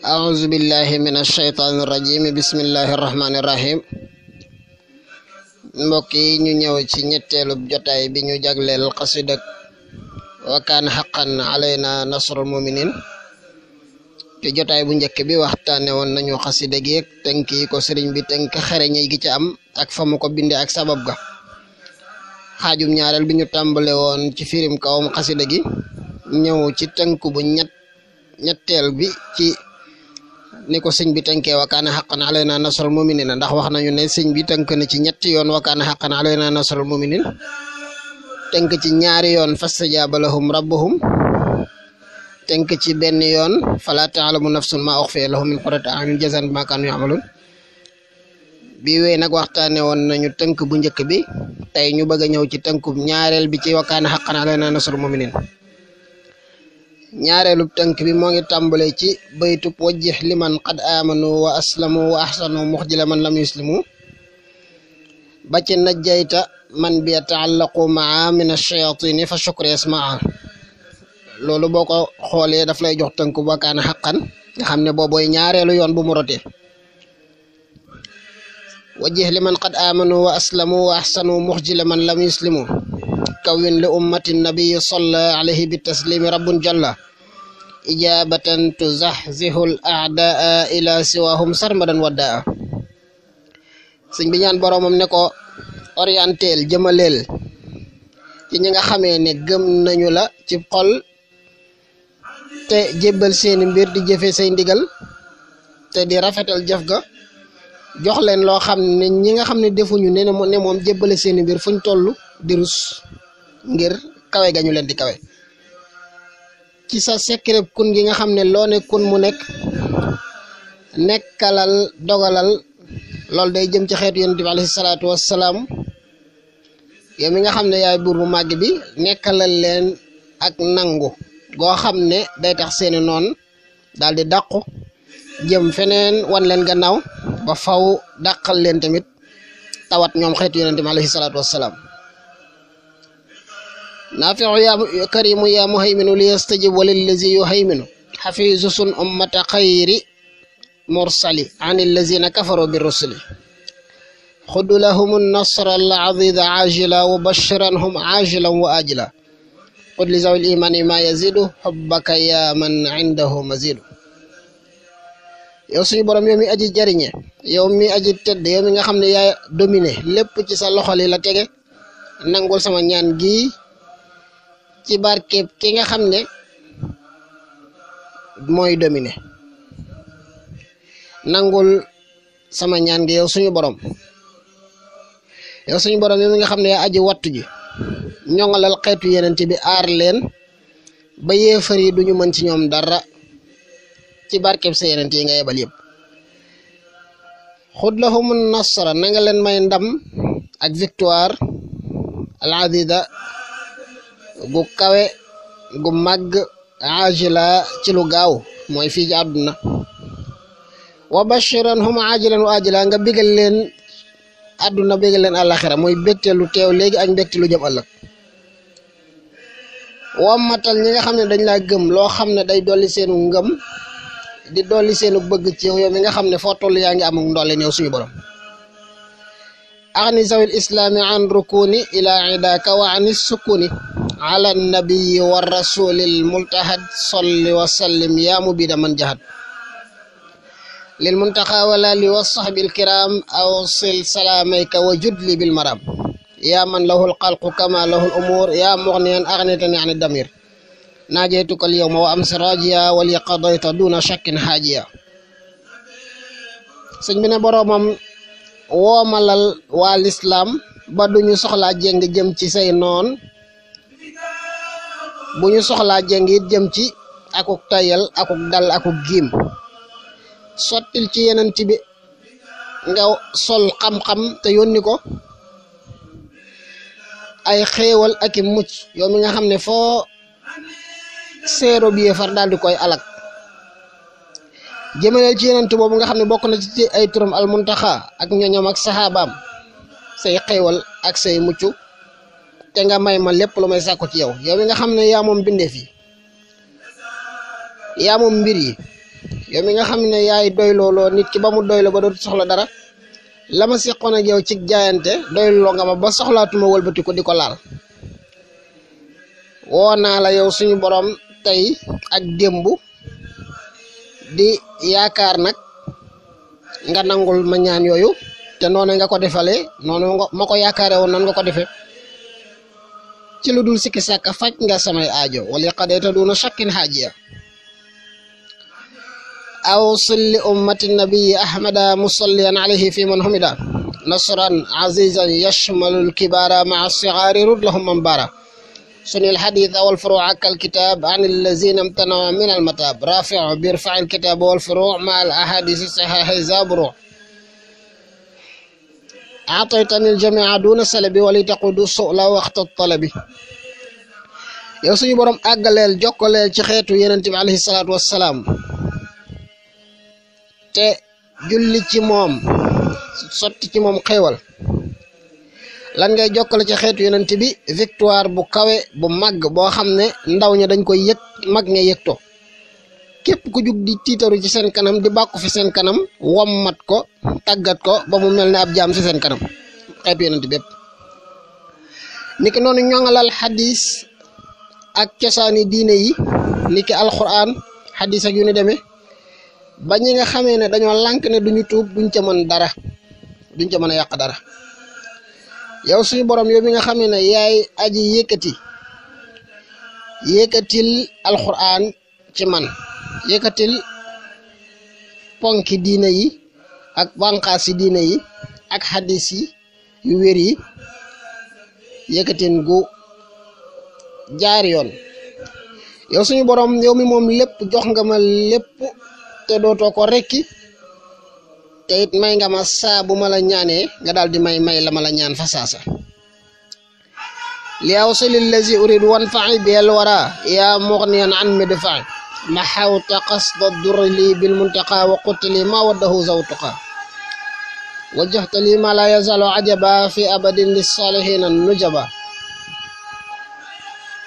أعوذ بالله من الشيطان الرجيم بسم الله الرحمن الرحيم mbokk yi ñu ñëw ci ñetteelu jotaay bi ñu jagleel xasida wa kaan xaqan alayna nasrul muminin ci jotaay bu njëkk bi waxtaane woon nañu xasida gi ak bi tënk xereñe gi ci am ak fa mu ak sabab ga xaajum ñaareel bi ñu tàmbale woon ci firim kawam xasida gi ñëw ci tënk bi ci ni ko sëñ bi tanke wa kana haqqan alayna nasrul mu'minin ndax wax nañu ne sëñ bi tanke na ci ñett yoon wa kana haqqan alayna nasrul muminin tanke ci ñaari yoon fastajaaba lahum rabbuhum tanke ci ben yoon fala ta'lamu nafsun ma uxfiya lahum min qurrati a'yun jazan ma kanu ya'malun bi we nak waxtane won nañu tanke bu ñëk bi tey ñu bëgg ñëw ci tënk ñaarel bi ci wa kana haqqan alayna nasrul muminin ñaareelu tënk bi moo ngi tàmbale ci baytub wajjih liman qad amanu wa aslamu wa ahsanu muxjila man lam yuslimu ba ci najjayta man bi yataallaqu maa min ashayatini fa shukri ismaa loolu boo ko xoolee daf lay jox tënk ba kaan xaqan nga ne boobooy ñaareelu yoon bu mu rotee wajjih liman qad amanu wa aslamu wa ahsanu muxjila man lam kawin li ummatin nabiy sallallahu alaihi bitaslimi rabbun jalla ijabatan tuzahzihul a'daa ila siwahum sarmadan wadaa señ bi ñaan borom am ne ko orienter jëmeleel ci ñinga xamé ne gëm nañu la ci xol té jébal seen mbir di jëfé seen digal té di rafetal jëf ga jox leen lo xamné ñinga xamné defu ñu né mom jébalé seen bir fuñ tollu di ngir kawe gañu leen di kawe ci sa secret kun gi nga xam ne loo ne kun mu nekk nekkalal dogalal loolu day jëm ci xeetu yonent bi alayhi salaatu wassalaam yow mi nga xam ne yaay buur bu màgg bi nekkalal leen ak nangu goo xam ne day tax seeni noon daal di dàqu jëm feneen wan leen gannaaw ba faw dàqal leen tamit tawat ñoom xeetu yonent bi alayhi salaatu wassalaam نافع يا كريم يا مهيمن ليستجب وللذي يهيمن حفيظ أمة خير مرسل عن الذين كفروا بالرسل خذ لهم النصر العزيز عاجلا وبشرهم عاجلا وآجلا قل لذوي الإيمان ما يزيد حبك يا من عنده مزيد yow suñu borom yow mi aji jariñe yow mi aji tedd yow mi nga xam ne yaa dominé lépp ci sa loxo li la tege nangul sama ñaan gii ci barke ki nga xamne ne mooy dominer nangul sama ñaan gi yow suñu borom yow suñu borom nga xamne ne aji wattu ji ñoŋalal xeetu yenente bi ar len ba yéefar duñu mën ci ñom dara ci barke sa yenente yi nga yebal yeb khud lahum nasara na nga len may ndam ak victoire al azida gu kawe gu màgg ajila ci lu gaaw mooy fii ci àdduna wa bashiran hum ajilan wa ajila nga bégal leen àdduna bégal leen àlaxira mooy mbégte teew léegi ak mbégte lu jëm ëllëg wammatal ñi nga xam ne dañ laa gëm loo xam ne day dolli seenu ngëm di dolli seenu bëgg ci yow mi nga xam ne foo toll yaa ngi amuk ndolle ñëw suñu borom axni zawil islaami an rukuni ila idaka wa ani sukuni على النبي والرسول الملتحد صل وسلم يا مبيد من جهد للمنتقى ولا والصحب الكرام أوصل سلاميك وجد لي بالمرام يا من له القلق كما له الأمور يا مغنيا أغنيتني عن الدمير ناجيتك اليوم وأمس راجيا ولي قضيت دون شك حاجيا سنبنا بنا برومم woomalal بدون lislaam ba duñu soxlaa نون bu ñu soxlaa jeng it jëm ci akuk tayal akuk dal akuk giim sottil ci yenent bi nga sol xam-xam te yónni ko ay xéewal ak i mucc yow mi nga xam ne foo seero bi far daal di koy alak jëmale ci yenent boobu nga xam ne bokk na ci ay turam almuntaxa ak ñoñam ak saxaabaam say xéewal ak say mucc te nga may ma lépp lu may sàkku ci yow yow mi nga xam ne yaa moom bindeef yi yaa mbir yi yow mi nga xam ne yaay doyloo nit ki ba mu doyloo ba dootu soxla dara lama ma seqoon a yow ci jaayante doyloo nga ma ba soxlaatuma wëlbati ko di ko laal woo naa la yow suñu borom tey ak démb di yaakaar nag nga nangul ma ñaan yooyu te noonu nga ko defalee noonu ma ko yaakaare woon nan nga ko defee ci lu dul sikki sàkka faj nga samay aajo wala qadayta duna shakkin haajiya awsil li ummati nabiyi ahmada musalliyan alayhi fi man humida نصرا عزيزا يشمل الكبار مع الصغار رد لهم منبارا سن الحديث والفروع كالكتاب عن الذين امتنعوا من المتاب رافع بيرفع الكتاب والفروع مع الأحاديث الصحيحة زابروع ataytanil jamia duna salabi wali taqudu sola waxta talabi yow suñu borom àggaleel jokkaleel ci xeetu yeneen bi alayhi salaatu wassalaam te julli ci moom sotti ci moom xéewal lan ngay jokkale ci xeetu yenent bi victoire bu kawe bu màgg boo xam ne ndaw ña dañ koy yëg mag nga yëg képp ku jug di tiitaru ci seen kanam di bàkku fi seen kanam wommat ko tàggat ko ba mu mel ne ab jaam si seen kanam xeetu yonent bépp niki noonu ñoŋalal xadis ak cosaani diine yi niki alquran xadis ak yu ne demee ba ñi nga xamee ne dañoo lànk ne duñu tuub duñ ca mën dara duñ ca mën a dara yow suñu borom yow bi nga xamee ne yaay aji yëkkati yëkkatil alquran ci man yëkkatil yi diine yi ak bànqaas yi diine yi ak xadis yi yu wér yi yëkkatin gu jaar yoon yow suñu boroom yow mi moom lépp jox nga ma lépp te dootoo ko rekki te may nga ma saa bu ma la ñaanee nga daal di may may la ma la ñaan fa saasa li awsalil lazi urid wan faxi beel wara yaa moxniyan an mi de faxi محوت قصد الدر لي بالمنتقى وقلت لي ما وده زوتقى وجهت لي ما لا يزال عجبا في أبد للصالحين النجبا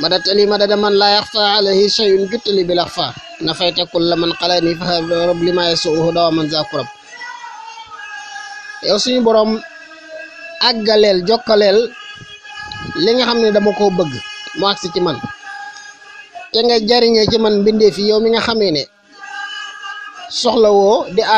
مدت لي مدد من لا يخفى عليه شيء قلت لي بالأخفى نفيت كل من قلاني فهب رب لما يسوءه دوما ذاك رب yow suñu borom àggaleel jokkaleel li nga xam ne dama ci man te nga jariñee ci man bindé fi yow mi nga xamé né soxla wo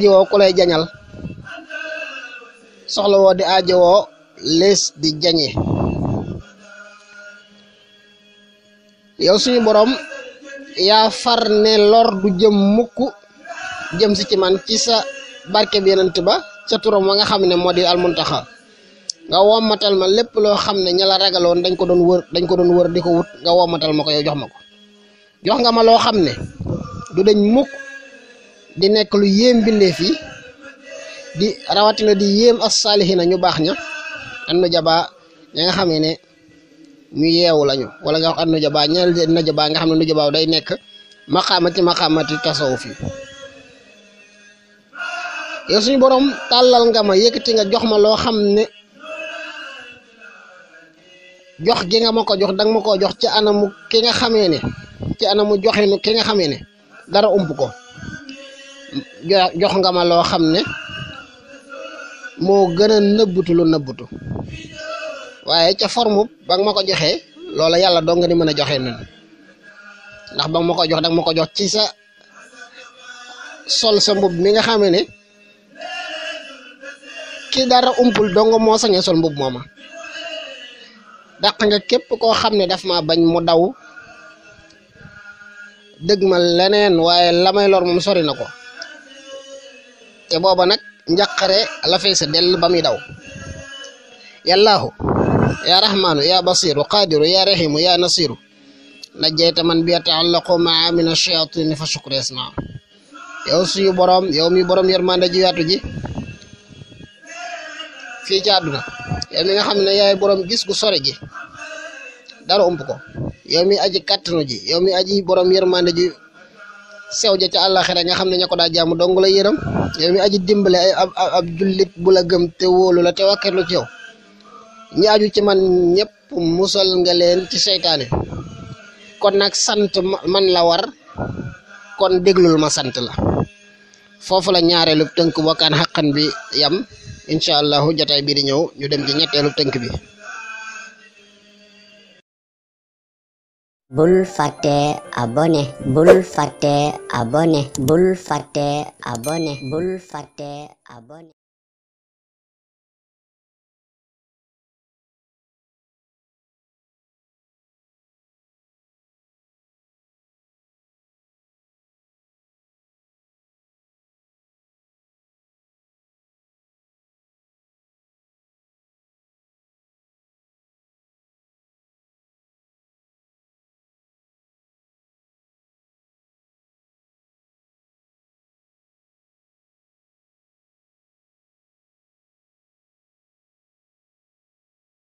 di wo ku lay jañal soxla wo di wo les di jañe yow suñu borom ya far né lor du jëm mukk jëm si ci man ci sa barké bi yenen ba ca turum nga xamné ne al di almuntaxa nga womatal ma lepp lo xamné ñala ragalon dañ ko doon wër dañ ko doon wër di wut nga womatal ma mako yow jox mako jox nga ma lo xamne du dañ mukk di nek lu yem binde fi di na di yem as salihina ñu bax ña annu jaba ya nga xamee ne ñu yewu lañu wala nga wax annu jaba ñal na jaba nga xamne nu day nek maqamati maqamati tasawuf yi suñu borom talal nga ma yekati nga jox ma lo xamne jox gi nga mako jox dang mako jox ci anamu ki nga ci anamu joxe nu ki nga xamé né dara ump ko jox nga ma lo xamné ne gëna neubutu lu neubutu waaye ca formu ba nga ma ko joxee loola yàlla nga ni mëna a joxe ndax ba nga ko jox nak mako jox ci sa sol sa mbub mi nga xamé né ki dara umpul nga mo sañe sol mbub moma dak nga kep ko xamne daf ma bañ mu daw dëgg ma leneen waaye la may lor moom sori na ko te booba nag njaqare la feesa dell ba muy daw yàllaahu yaa rahmaanu yaa basiru qaadiru yaa rahimu yaa nasiru najjayta man bi yataallaqu maa min ash-shayaatini fa shukri asnaa yow suñu borom yow mi borom yërmande ji yaatu ji fi ci àdduna mi nga xam ne yaay borom gis gu sore gi dara ump ko yow mi aji kàttanu ji yow mi aji borom yermande ji sew ja allah àllaxira nga xamne ñako da jamm dong la yeeram yow mi aji dimbalé ay ab julit bu la gëm te wolu la te wakkelu ci yow ñaaju ci man ñepp musal nga leen ci seytaane kon nak sante man la war kon deglul ma sante la fofu la lu tënk haqqan kan bi yam inshallah jotaay bi di ñew ñu dem ci ñettelu tënk bi Bullfate abone, bullfate abone, bullfate abone, bullfate abone.